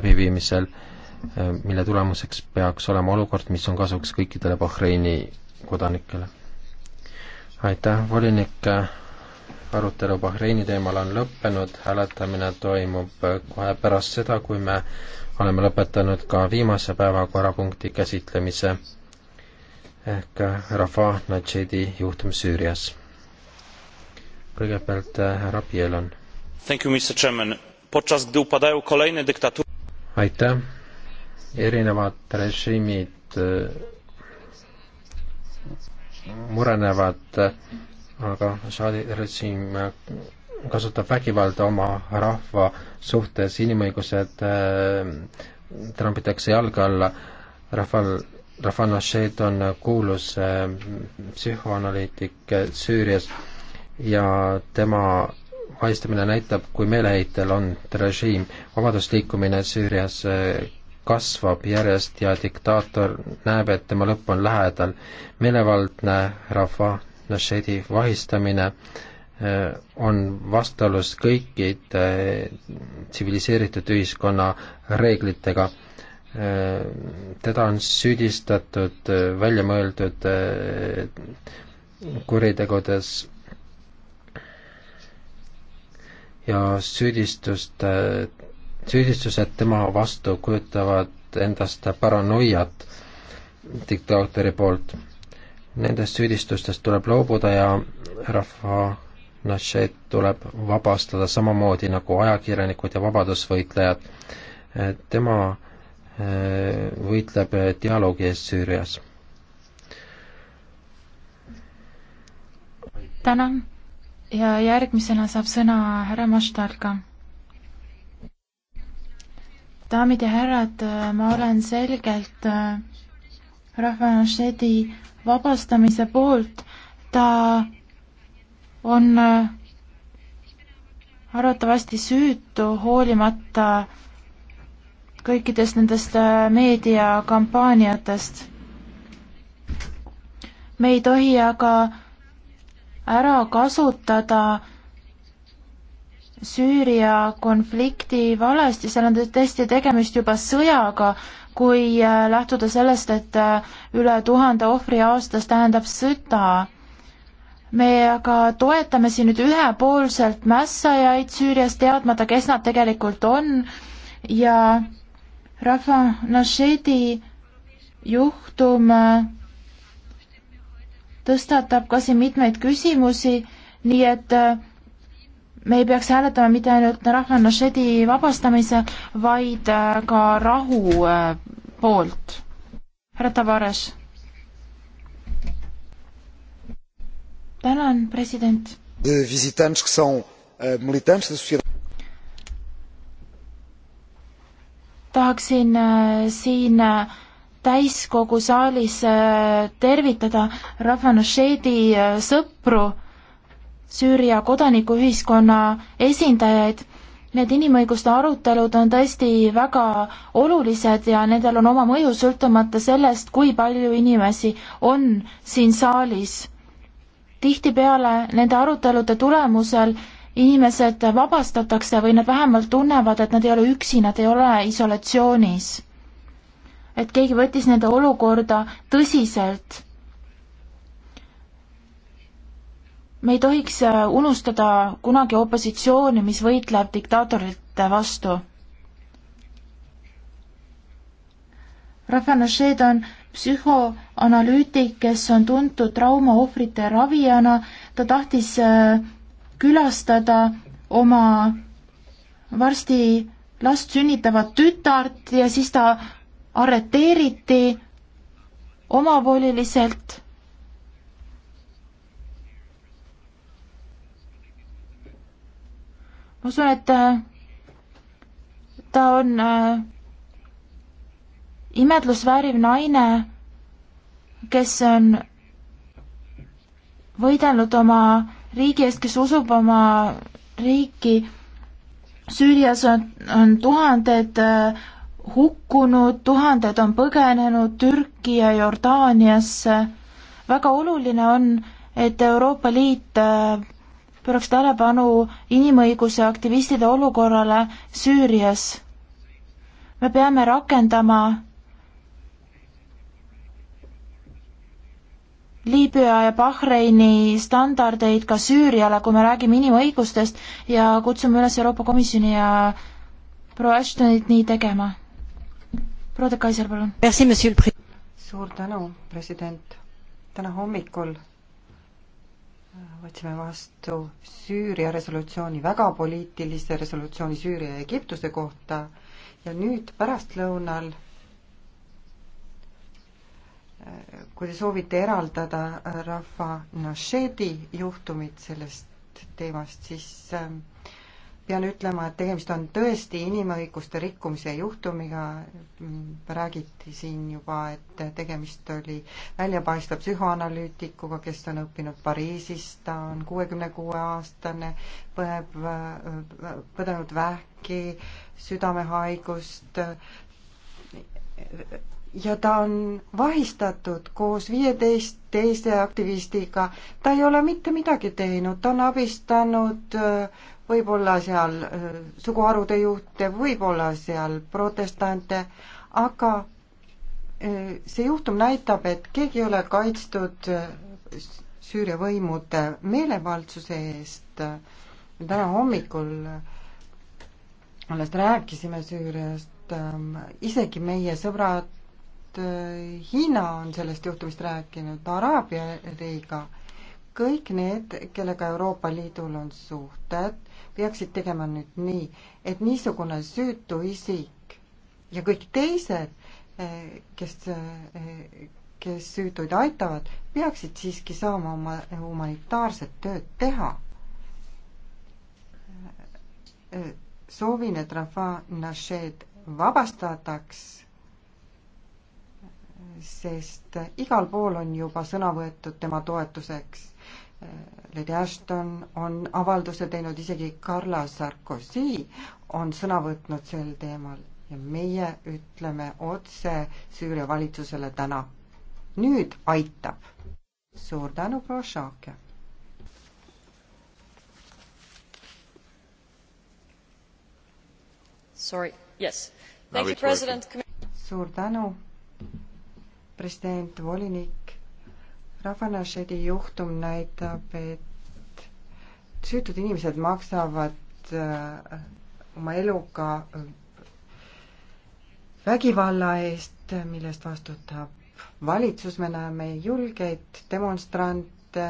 läbiviimisel, äh, mille tulemuseks peaks olema olukord, mis on kasuks kõikidele Bahreini kodanikele. aitäh, volinik, arutelu Bahreini teemal on lõppenud, hääletamine toimub äh, kohe pärast seda, kui me oleme lõpetanud ka viimase päevakorrapunkti käsitlemise ehk äh, Rafa Nadžedi juhtum Süürias. kõigepealt härra Pielon. Podczas gdy upadają kolejne dyktatury aitäh, erinevad režiimid äh, murenevad, äh, aga Šaadi režiim äh, kasutab vägivalda oma rahva suhtes, inimõigused trambitakse jalge alla, rahval, Rafan Ashed on kuulus psühhoanalüütik Süürias ja tema paistamine näitab, kui meeleheitel on režiim. vabadusliikumine Süürias äh, kasvab järjest ja diktaator näeb, et tema lõpp on lähedal. meelevaldne rahva Nashedi vahistamine äh, on vastuolus kõikide äh, tsiviliseeritud ühiskonna reeglitega. teda on süüdistatud väljamõeldud kuritegudes ja süüdistust, süüdistused tema vastu kujutavad endast paranoiat diktaatori poolt. Nendest süüdistustest tuleb loobuda ja rahva Nasheed tuleb vabastada samamoodi nagu ajakirjanikud ja vabadusvõitlejad. tema eh, võitleb dialoogi eest Süürias. tänan ja järgmisena saab sõna härra Maštalka. daamid ja härrad, ma olen selgelt äh, rahvanašedi vabastamise poolt, ta on äh, arvatavasti süütu, hoolimata kõikidest nendest äh, meediakampaaniatest. me ei tohi aga ära kasutada Süüria konflikti valesti, seal on tõesti tegemist juba sõjaga, kui äh, lähtuda sellest, et äh, üle tuhande ohvri aastas tähendab sõda. me aga toetame siin nüüd ühepoolselt mässajaid Süürias, teadmata, kes nad tegelikult on ja Rafa Nashedi juhtum äh, tõstatab ka siin mitmeid küsimusi, nii et äh, me ei peaks hääletama mitte ainult Rahvan Ašedi vabastamise, vaid äh, ka rahu äh, poolt. härra Tavares. tänan, president. visitantes, kes on militantes da sociedade tahaksin siin täiskogu saalis äh, tervitada Rafanošedi äh, sõpru, Süüria kodanikuühiskonna esindajaid. Need inimõiguste arutelud on tõesti väga olulised ja nendel on oma mõju, sõltumata sellest, kui palju inimesi on siin saalis. tihtipeale nende arutelude tulemusel inimesed vabastatakse või nad vähemalt tunnevad, et nad ei ole üksi, nad ei ole isolatsioonis et keegi võttis nende olukorda tõsiselt. me ei tohiks äh, unustada kunagi opositsiooni, mis võitleb diktaatorite vastu. Rafa Nashed on psühhoanalüütik, kes on tuntud traumaohvrite ravijana, ta tahtis äh, külastada oma varsti last sünnitavat tütart ja siis ta arreteeriti omavoliliselt. ma usun, et äh, ta on äh, imetlust vääriv naine, kes on võidelnud oma riigi eest, kes usub oma riiki. Süürias on, on tuhanded äh, hukkunud, tuhanded on põgenenud Türki ja Jordaaniasse. väga oluline on, et Euroopa Liit äh, pööraks tähelepanu inimõiguse aktivistide olukorrale Süürias. me peame rakendama Liibüa ja Bahreini standardeid ka Süüriale, kui me räägime inimõigustest ja kutsume üles Euroopa Komisjoni ja proua Ashtonit nii tegema proua de Kaiser, palun. suur tänu, president. täna hommikul äh, võtsime vastu Süüria resolutsiooni, väga poliitilise resolutsiooni Süüria ja Egiptuse kohta ja nüüd pärastlõunal äh, kui te soovite eraldada äh, rahva Nashedi juhtumit sellest teemast, siis pean ütlema, et tegemist on tõesti inimõiguste rikkumise juhtumiga, räägiti siin juba, et tegemist oli väljapaistva psühhoanalüütikuga, kes on õppinud Pariisis, ta on kuuekümne kuue aastane, põeb, põdenud vähki, südamehaigust ja ta on vahistatud koos viieteist teise aktivistiga, ta ei ole mitte midagi teinud, ta on abistanud äh, võib-olla seal äh, suguharude juhte, võib-olla seal protestante, aga äh, see juhtum näitab, et keegi ei ole kaitstud äh, Süüria võimude meelevaldsuse eest. täna hommikul alles rääkisime Süüriast, ähm, isegi meie sõbrad Hiina on sellest juhtumist rääkinud, Araabia riiga, kõik need, kellega Euroopa Liidul on suhted, peaksid tegema nüüd nii, et niisugune süütu isik ja kõik teised, eh, kes, eh, kes süütuid aitavad, peaksid siiski saama oma humanitaarset tööd teha. Eh, soovin, et Rafa Nashed vabastataks, sest igal pool on juba sõna võetud tema toetuseks Äh, Lady Ashton on avalduse teinud, isegi Carla Sarkozy on sõna võtnud sel teemal ja meie ütleme otse Süüria valitsusele täna. nüüd aitab. suur tänu, proua Šaake. Sorry, yes. Thank you, president. suur tänu, president, volinik Rafanašedi juhtum näitab, et süütud inimesed maksavad äh, oma eluga äh, vägivalla eest, millest vastutab valitsus, me näeme julgeid demonstrante,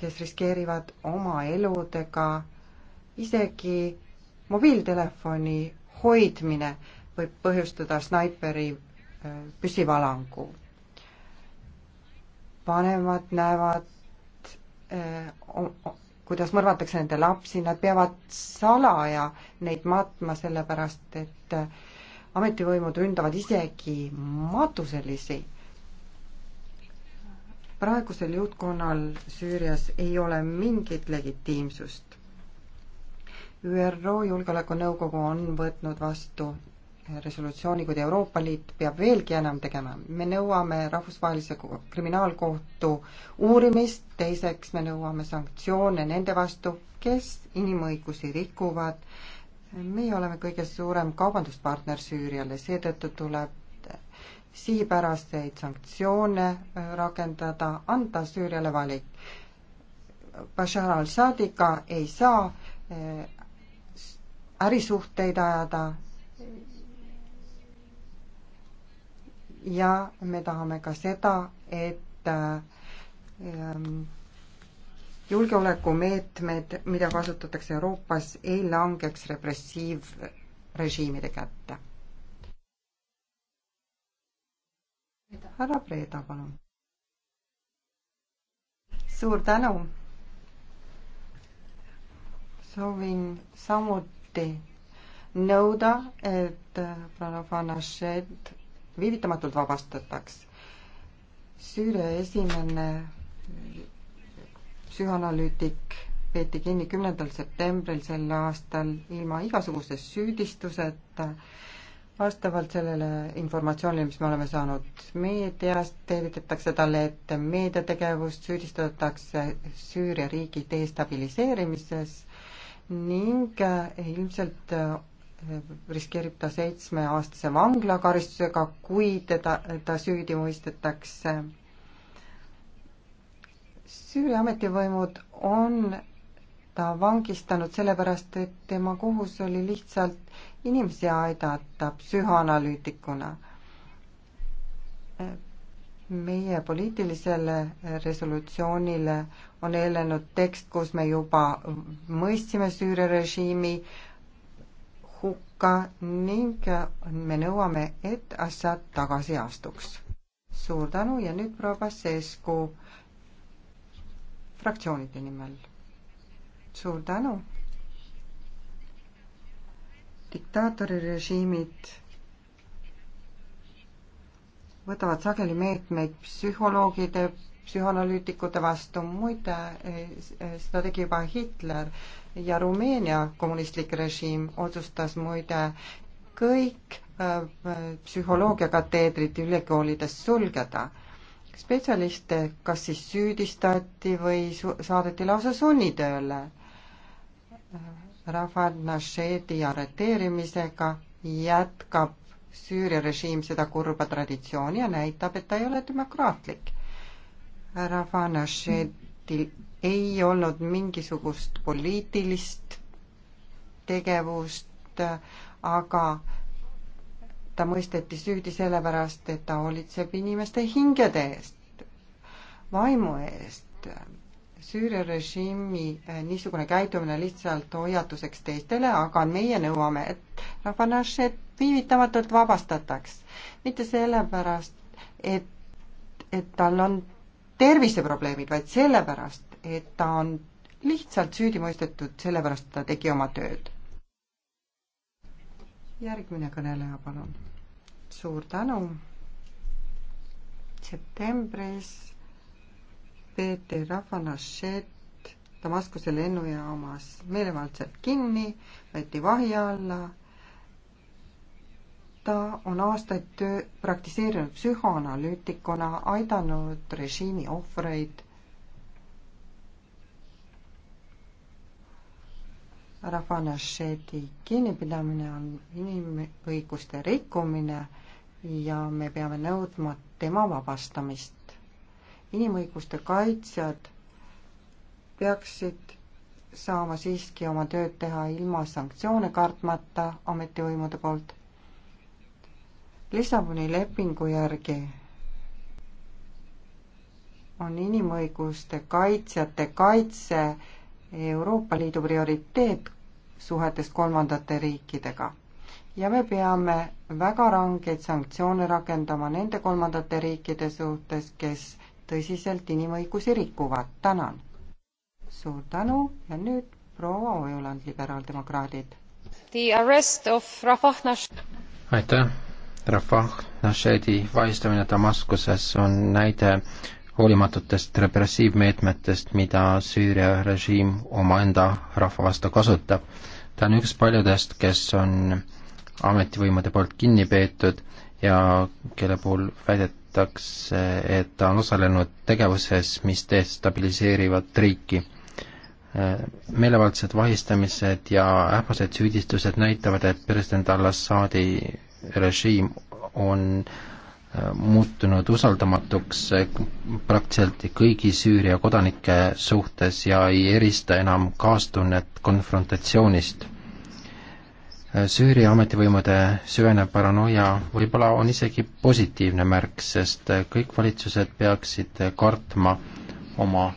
kes riskeerivad oma eludega, isegi mobiiltelefoni hoidmine võib põhjustada snaiperi äh, püsivalangu vanemad näevad, eh, kuidas mõrvatakse nende lapsi, nad peavad salaja neid matma, sellepärast et eh, ametivõimud ründavad isegi matuselisi. praegusel juhtkonnal Süürias ei ole mingit legitiimsust. ÜRO Julgeolekunõukogu on võtnud vastu resolutsiooni, kuid Euroopa Liit peab veelgi enam tegema. me nõuame Rahvusvahelise Kriminaalkohtu uurimist, teiseks me nõuame sanktsioone nende vastu, kes inimõigusi rikuvad. meie oleme kõige suurem kaubanduspartner Süüriale, seetõttu tuleb sihipäraseid sanktsioone äh, rakendada, anda Süüriale valik. Bashar al-Assadiga ei saa äh, ärisuhteid ajada, ja me tahame ka seda, et ähm, julgeolekumeetmed, mida kasutatakse Euroopas, ei langeks repressiivrežiimide kätte. härra Preeda, palun. suur tänu. soovin samuti nõuda, et Pranofanashed viivitamatult vabastataks. Süüria esimene psühhanalüütik peeti kinni kümnendal septembril sel aastal ilma igasuguse süüdistuseta vastavalt sellele informatsioonile, mis me oleme saanud meediast, teavitatakse talle ette meediategevust, süüdistatakse Süüria riigi destabiliseerimises ning ilmselt riskeerib ta seitsmeaastase vanglakaristusega, kui teda, ta süüdi mõistetakse. Süüria ametivõimud on ta vangistanud sellepärast, et tema kohus oli lihtsalt inimesi aidata psühhoanalüütikuna. meie poliitilisele resolutsioonile on eelnenud tekst, kus me juba mõistsime Süüria režiimi äh, hukka ning me nõuame, et asjad tagasi astuks. suur tänu ja nüüd proua Passeescu fraktsioonide nimel. suur tänu. diktaatori režiimid võtavad sageli meetmeid psühholoogide psühhanalüütikute vastu, muide eh, seda tegi juba Hitler ja Rumeenia kommunistlik režiim otsustas muide kõik eh, psühholoogiakateedrid ülikoolides sulgeda. spetsialiste kas siis süüdistati või saadeti lausa sunnitööle. Eh, Rafal Nashedi arreteerimisega jätkab Süüria režiim seda kurba traditsiooni ja näitab, et ta ei ole demokraatlik härra Fanašetil ei olnud mingisugust poliitilist tegevust, aga ta mõisteti süüdi sellepärast, et ta hoolitseb inimeste hingede eest, vaimu eest. Süüria režiimi eh, niisugune käitumine lihtsalt hoiatuseks teistele, aga meie nõuame, et Rafanašet viivitamatult vabastataks. mitte sellepärast, et, et tal on terviseprobleemid, vaid sellepärast, et ta on lihtsalt süüdi mõistetud, sellepärast ta tegi oma tööd. järgmine kõneleja, palun. suur tänu. septembris peeti Rafanašet Damaskuse lennujaamas meelevaldselt kinni, võeti vahi alla ta on aastaid töö, praktiseerinud psühhoanalüütikuna, aidanud režiimi ohvreid. Rafanašedi kinnipidamine on inimõiguste rikkumine ja me peame nõudma tema vabastamist. inimõiguste kaitsjad peaksid saama siiski oma tööd teha ilma sanktsioone kartmata ametivõimude poolt Lissaboni lepingu järgi on inimõiguste kaitsjate kaitse Euroopa Liidu prioriteet suhetes kolmandate riikidega. ja me peame väga rangeid sanktsioone rakendama nende kolmandate riikide suhtes, kes tõsiselt inimõigusi rikuvad. tänan! suur tänu ja nüüd proua Ojuland, liberaaldemokraadid. aitäh! Rafah Nashedi vahistamine Damaskuses on näide hoolimatutest repressiivmeetmetest, mida Süüria režiim omaenda rahva vastu kasutab. ta on üks paljudest, kes on ametivõimude poolt kinni peetud ja kelle puhul väidetakse, et ta on osalenud tegevuses, mis destabiliseerivad riiki. meelevaldsed vahistamised ja ähvased süüdistused näitavad, et president al-Assadi režiim on äh, muutunud usaldamatuks äh, praktiliselt kõigi Süüria kodanike suhtes ja ei erista enam kaastunnet konfrontatsioonist. Äh, Süüria ametivõimude süvenev paranoia võib-olla on isegi positiivne märk, sest kõik valitsused peaksid kartma oma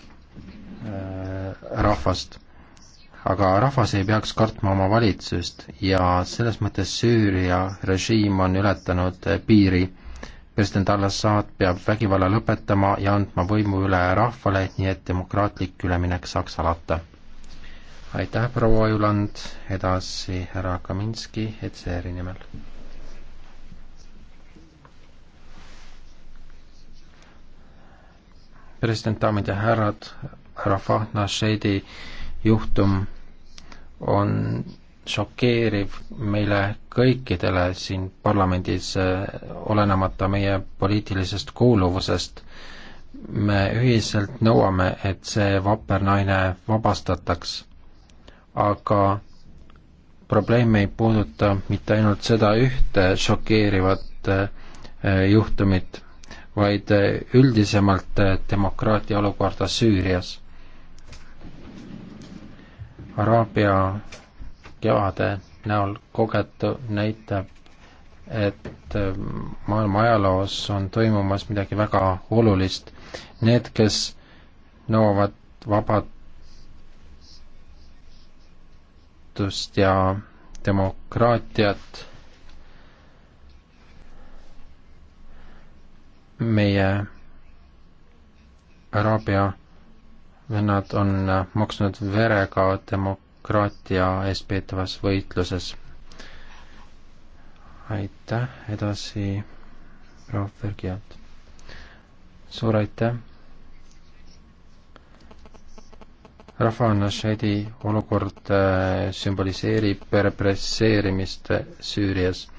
rahvast aga rahvas ei peaks kartma oma valitsust ja selles mõttes Süüria režiim on ületanud eh, piiri. president al-Assad peab vägivalla lõpetama ja andma võimu üle rahvale, nii et demokraatlik üleminek saaks alata. aitäh, proua Ojuland, edasi härra Kaminski ETSR-i nimel. president, daamid ja härrad, Rafah Nashedi juhtum on šokeeriv meile kõikidele siin parlamendis, eh, olenemata meie poliitilisest kuuluvusest. me ühiselt nõuame, et see vapper naine vabastataks, aga probleem ei puuduta mitte ainult seda ühte šokeerivat eh, juhtumit, vaid eh, üldisemalt demokraatia olukorda Süürias Araabia kevade näol kogetu näitab, et ähm, maailma ajaloos on toimumas midagi väga olulist. Need, kes nõuavad vabadust ja demokraatiat, meie Araabia Nad on äh, maksnud verega demokraatia eest peetavas võitluses. aitäh, edasi proua Vergiat. suur aitäh. Rafa-Nashedi olukord äh, sümboliseerib represseerimist Süürias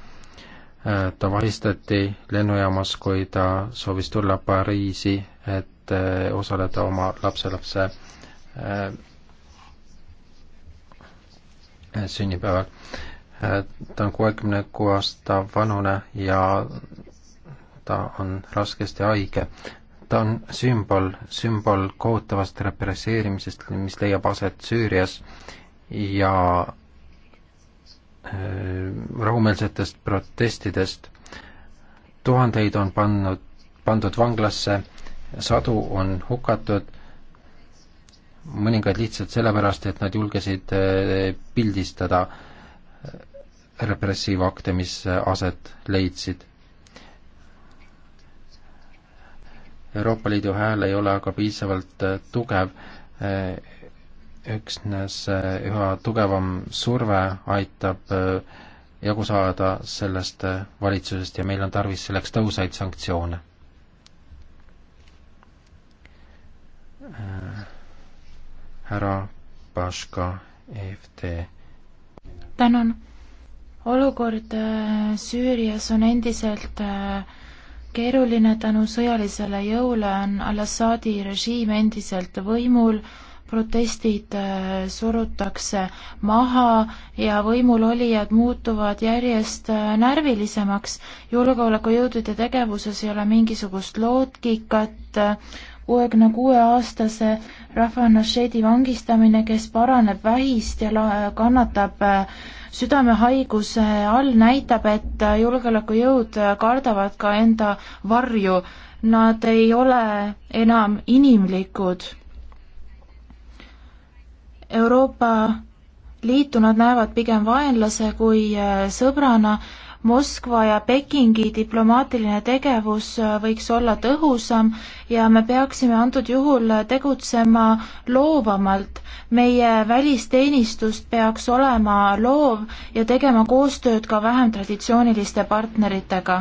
äh, ta vahistati lennujaamas, kui ta soovis tulla Pariisi, et et eh, osaleda oma lapselapse eh, sünnipäeval. Eh, ta on kuuekümne kuue aasta vanune ja ta on raskesti haige. ta on sümbol, sümbol kohutavast represseerimisest, mis leiab aset Süürias ja rahumeelsetest protestidest. tuhandeid on pannud, pandud vanglasse sadu on hukatud, mõningad lihtsalt sellepärast, et nad julgesid eh, pildistada eh, repressiivakte, mis aset leidsid Euroopa Liidu hääl ei ole aga piisavalt eh, tugev, üksnes üha tugevam surve aitab jagu saada sellest valitsusest ja meil on tarvis selleks tõhusaid sanktsioone Äh, härra Paška, EFT. tänan. olukord äh, Süürias on endiselt äh, keeruline tänu sõjalisele jõule on al-Assadi režiim endiselt võimul, protestid surutakse maha ja võimulolijad muutuvad järjest närvilisemaks. julgeolekujõudude tegevuses ei ole mingisugust loogikat, kuuekümne kuue aastase Rafan Ashedi vangistamine, kes paraneb vähist ja kannatab äh, südamehaiguse all, näitab, et äh, julgeolekujõud äh, kardavad ka enda varju. Nad ei ole enam inimlikud. Euroopa Liitu nad näevad pigem vaenlase kui sõbrana Moskva ja Pekingi diplomaatiline tegevus äh, võiks olla tõhusam ja me peaksime antud juhul tegutsema loovamalt. meie välisteenistust peaks olema loov ja tegema koostööd ka vähem traditsiooniliste partneritega.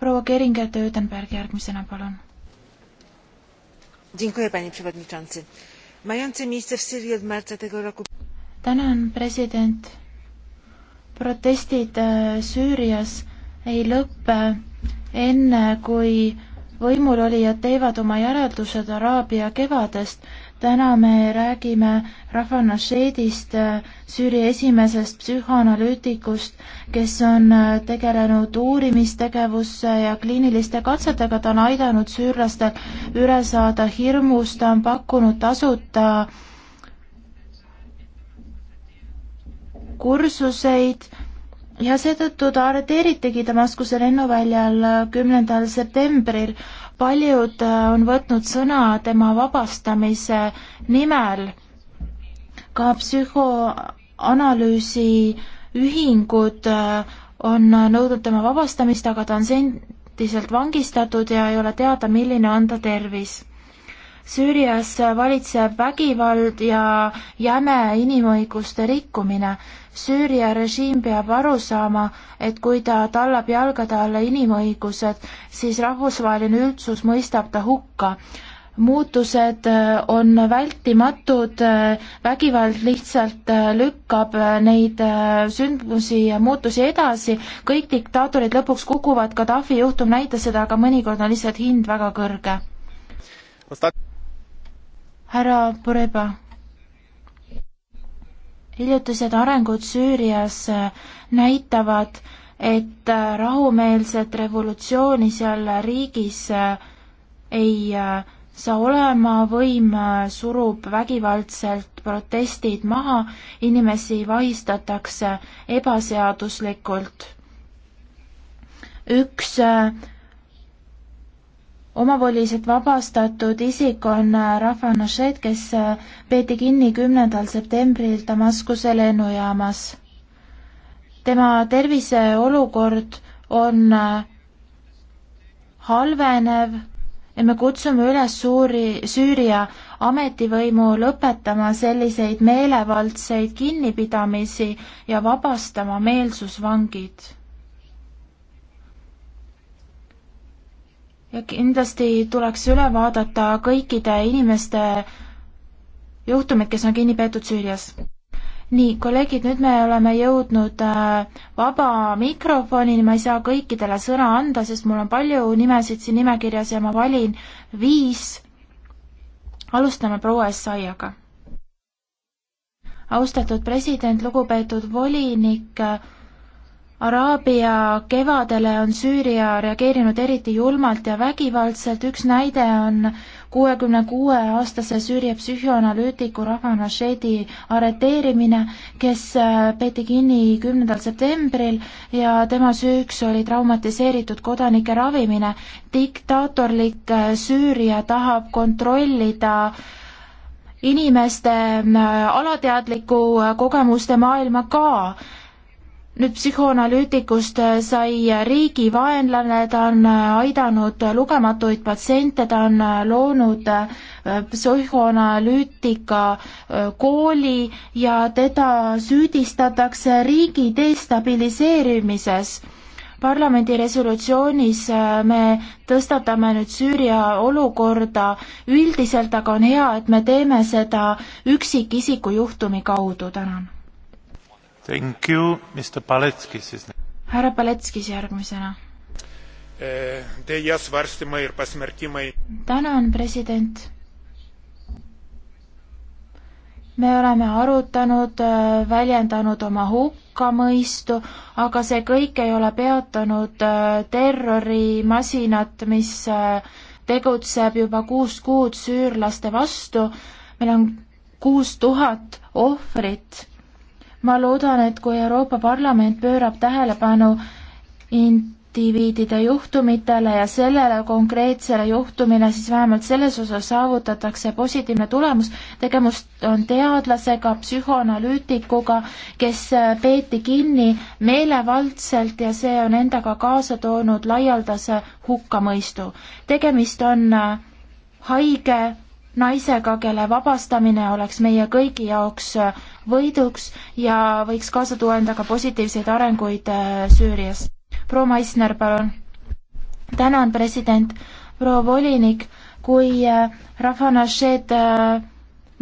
proua Keringer-Töödenberg järgmisena, palun. Dziękuję, panie przewodniczący. Mające miejsce w Syrii od marca tego roku tänan, president. protestid äh, Süürias ei lõppe enne, kui võimulolijad teevad oma järeldused Araabia kevadest. täna me räägime Rafa Nashedist, äh, Süüria esimesest psühhoanalüütikust, kes on äh, tegelenud uurimistegevuse ja kliiniliste katsetega, ta on aidanud süürlastel üle saada hirmust, ta on pakkunud tasuta äh, kursuseid ja seetõttu ta arreteeritigi Damaskuse lennuväljal kümnendal septembril. paljud äh, on võtnud sõna tema vabastamise nimel. ka psühhoanalüüsi ühingud äh, on nõudnud tema vabastamist, aga ta on endiselt vangistatud ja ei ole teada, milline on ta tervis Süürias valitseb vägivald ja jäme inimõiguste rikkumine. Süüria režiim peab aru saama, et kui ta tallab jalgade alla inimõigused, siis rahvusvaheline üldsus mõistab ta hukka. muutused äh, on vältimatud, äh, vägivald lihtsalt äh, lükkab neid sündmusi ja muutusi edasi, kõik diktaatorid lõpuks kukuvad, Gaddafi juhtum näitas seda, aga mõnikord on lihtsalt hind väga kõrge härra Poreba, hiljutised arengud Süürias äh, näitavad, et äh, rahumeelset revolutsiooni seal riigis äh, ei saa olema, võim surub vägivaldselt protestid maha, inimesi vahistatakse ebaseaduslikult. üks omavoliselt vabastatud isik on äh, Rafa Nošet, kes äh, peeti kinni kümnendal septembril Damaskuse lennujaamas. tema terviseolukord on äh, halvenev ja me kutsume üles suuri Süüria ametivõimu lõpetama selliseid meelevaldseid kinnipidamisi ja vabastama meelsusvangid ja kindlasti tuleks üle vaadata kõikide inimeste juhtumid, kes on kinni peetud Süürias. nii, kolleegid, nüüd me oleme jõudnud äh, vaba mikrofonini, ma ei saa kõikidele sõna anda, sest mul on palju nimesid siin nimekirjas ja ma valin viis. alustame proua Essaiaga. austatud president, lugupeetud volinik Araabia kevadele on Süüria reageerinud eriti julmalt ja vägivaldselt, üks näide on kuuekümne kuue aastase Süüria psühhoanalüütiku Rahman Rashedi arreteerimine, kes äh, peeti kinni kümnendal septembril ja tema süüks oli traumatiseeritud kodanike ravimine. diktaatorlik äh, Süüria tahab kontrollida inimeste äh, alateadliku kogemuste maailma ka nüüd psühhoanalüütikust äh, sai riigi vaenlane, ta on äh, aidanud lugematuid patsiente, ta on äh, loonud psühhoanalüütika kooli ja teda süüdistatakse riigi destabiliseerimises. parlamendi resolutsioonis me tõstatame nüüd Süüria olukorda üldiselt, aga on hea, et me teeme seda üksikisiku juhtumi kaudu, tänan Thank you, Mr Paletskis is.... härra Paletskis järgmisena. Teie eh, svarstimai ir pasmerkimai. tänan, president. me oleme arutanud, eh, väljendanud oma hukkamõistu, aga see kõik ei ole peatanud eh, terrorimasinat, mis tegutseb juba kuus kuud süürlaste vastu. meil on kuus tuhat ohvrit ma loodan, et kui Euroopa Parlament pöörab tähelepanu indiviidide juhtumitele ja sellele konkreetsele juhtumile, siis vähemalt selles osas saavutatakse positiivne tulemus. tegemist on teadlasega, psühhoanalüütikuga, kes peeti kinni meelevaldselt ja see on endaga kaasa toonud laialdase hukkamõistu. tegemist on haige naisega, kelle vabastamine oleks meie kõigi jaoks äh, võiduks ja võiks kaasa tuua endaga positiivseid arenguid äh, Süürias. proua Maisner, palun. tänan, president, proua volinik, kui äh, Rafa Nasheed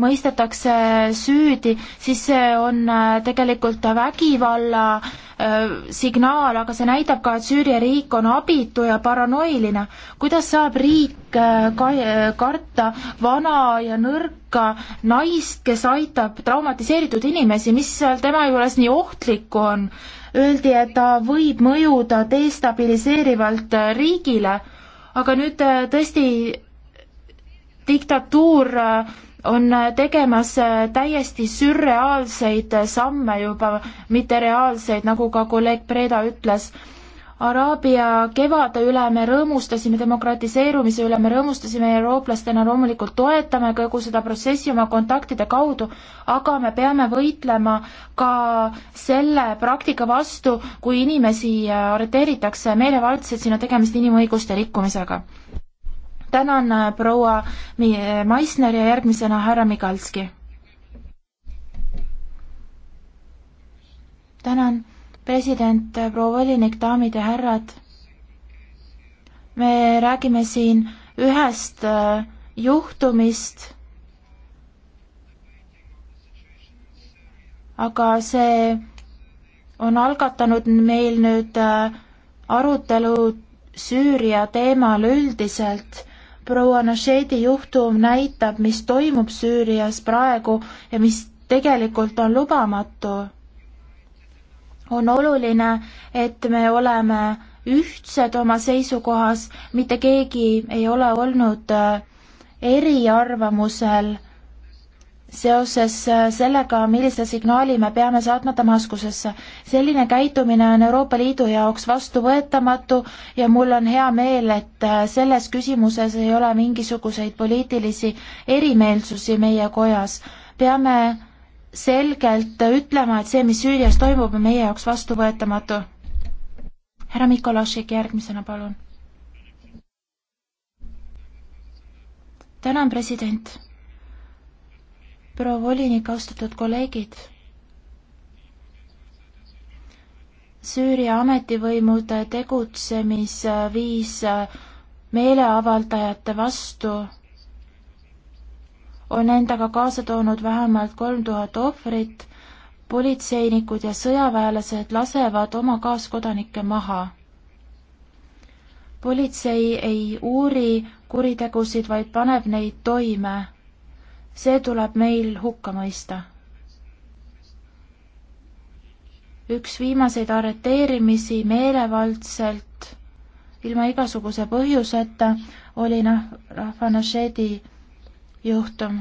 mõistetakse süüdi, siis see on äh, tegelikult vägivalla äh, signaal, aga see näitab ka, et Süüria riik on abitu ja paranoiline. kuidas saab riik äh, ka-, karta vana ja nõrka naist, kes aitab traumatiseeritud inimesi, mis seal tema juures nii ohtlikku on? Öeldi, et ta võib mõjuda destabiliseerivalt riigile, aga nüüd tõesti diktatuur äh, on äh, tegemas äh, täiesti sürreaalseid äh, samme juba, mitte reaalseid, nagu ka kolleeg Preda ütles. Araabia kevade üle me rõõmustasime, demokratiseerumise üle me rõõmustasime eurooplastena, loomulikult toetame kogu seda protsessi oma kontaktide kaudu, aga me peame võitlema ka selle praktika vastu, kui inimesi arreteeritakse meelevaldselt, siin on tegemist inimõiguste rikkumisega tänan äh, proua Maisner äh, ja järgmisena härra Migalski. tänan, president, äh, proua volinik, daamid ja härrad. me räägime siin ühest juhtumist, aga see on algatanud meil nüüd arutelu Süüria teemal üldiselt proua Nošeedi juhtum näitab, mis toimub Süürias praegu ja mis tegelikult on lubamatu. on oluline, et me oleme ühtsed oma seisukohas, mitte keegi ei ole olnud äh, eriarvamusel seoses äh, sellega, millise signaali me peame saatma Damaskusesse. selline käitumine on Euroopa Liidu jaoks vastuvõetamatu ja mul on hea meel, et äh, selles küsimuses ei ole mingisuguseid poliitilisi erimeelsusi meie kojas. peame selgelt ütlema, et see, mis Süürias toimub, on meie jaoks vastuvõetamatu. härra Mikolašik järgmisena, palun. tänan, president proua volinik, austatud kolleegid. Süüria ametivõimude tegutsemisviis meeleavaldajate vastu on endaga kaasa toonud vähemalt kolm tuhat ohvrit, politseinikud ja sõjaväelased lasevad oma kaaskodanikke maha. politsei ei uuri kuritegusid, vaid paneb neid toime see tuleb meil hukka mõista. üks viimaseid arreteerimisi meelevaldselt, ilma igasuguse põhjuseta, oli noh, Rahvanašedi juhtum.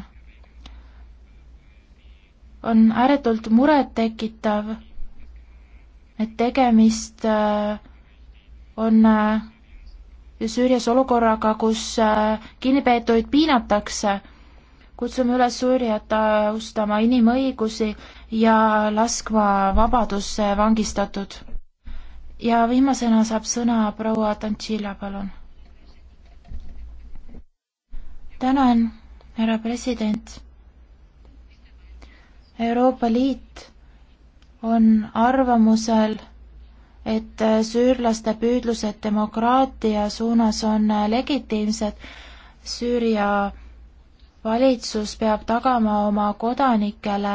on ääretult murettekitav, et tegemist äh, on äh, Süürias olukorraga, kus äh, kinnipeetuid piinatakse kutsume üles uurijat austama inimõigusi ja laskma vabadusse vangistatud. ja viimasena saab sõna proua Tantšila, palun. tänan, härra president. Euroopa Liit on arvamusel, et süürlaste püüdlused demokraatia suunas on legitiimsed. Süüria valitsus peab tagama oma kodanikele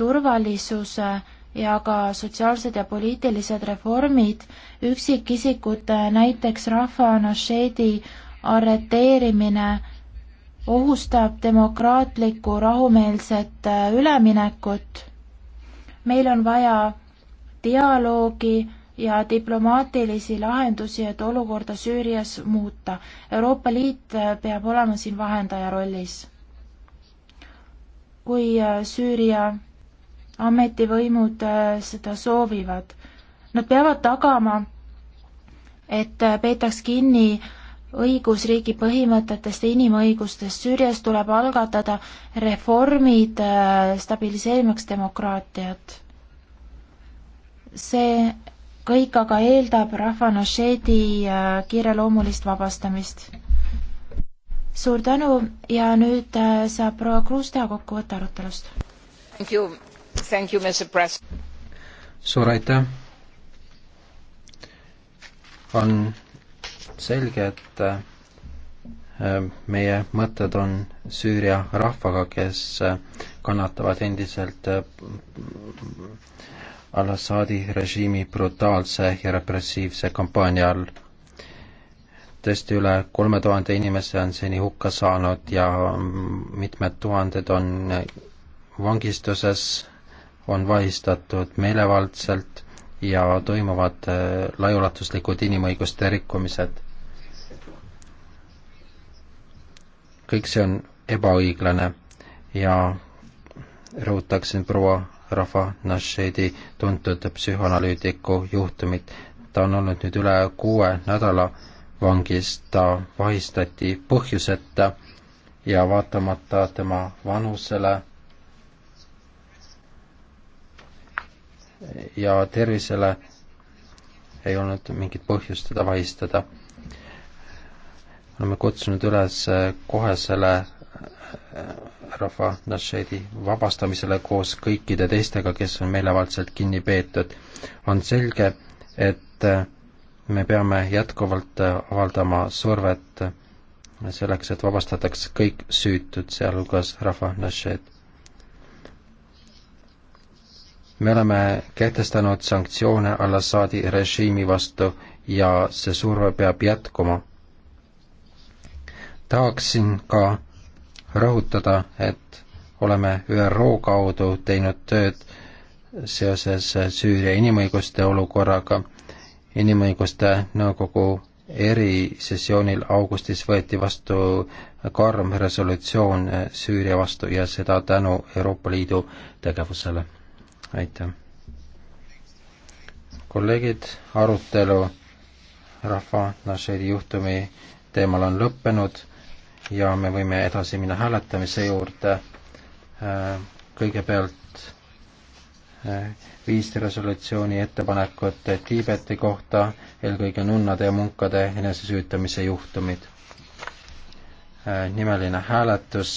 turvalisuse ja ka sotsiaalsed ja poliitilised reformid, üksikisikute, näiteks Rahvanašeedi arreteerimine ohustab demokraatlikku rahumeelset äh, üleminekut. meil on vaja dialoogi ja diplomaatilisi lahendusi, et olukorda Süürias muuta. Euroopa Liit äh, peab olema siin vahendaja rollis. kui äh, Süüria ametivõimud äh, seda soovivad, nad peavad tagama, et peetaks kinni õigusriigi põhimõtetest ja inimõigustest. Süürias tuleb algatada reformid stabiliseerimaks demokraatiat. see kõik aga eeldab rahva Nošedi äh, kiireloomulist vabastamist. suur tänu ja nüüd äh, saab proua Kruus teha kokkuvõtte arutelust. suur aitäh! on selge, et äh, meie mõtted on Süüria rahvaga, kes kannatavad endiselt al-Assadi režiimi brutaalse ja repressiivse kampaania all. tõesti üle kolme tuhande inimese on seni hukka saanud ja mitmed tuhanded on vangistuses, on vahistatud meelevaldselt ja toimuvad äh, laiaulatuslikud inimõiguste rikkumised. kõik see on ebaõiglane ja rõhutaksin proua Rafa Nashedi tuntud psühhoanalüütiku juhtumit. ta on olnud nüüd üle kuue nädala vangis, ta vahistati põhjuseta ja vaatamata tema vanusele ja tervisele ei olnud mingit põhjust teda vahistada. oleme kutsunud üles kohesele rahva Nasheedi vabastamisele koos kõikide teistega, kes on meelevaldselt kinni peetud. on selge, et äh, me peame jätkuvalt äh, avaldama survet äh, selleks, et vabastataks kõik süütud, sealhulgas rahva Nasheed. me oleme kehtestanud sanktsioone al-Assadi režiimi vastu ja see surve peab jätkuma. tahaksin ka rõhutada, et oleme ÜRO kaudu teinud tööd seoses Süüria inimõiguste olukorraga. inimõiguste nõukogu erisessioonil augustis võeti vastu karm resolutsioon Süüria vastu ja seda tänu Euroopa Liidu tegevusele. aitäh! kolleegid, arutelu Rahva Našeri juhtumi teemal on lõppenud ja me võime edasi minna hääletamise juurde. Äh, kõigepealt äh, viis resolutsiooni ettepanekut Tiibeti kohta, eelkõige nunnade ja munkade enesesüütamise juhtumid. Äh, nimeline hääletus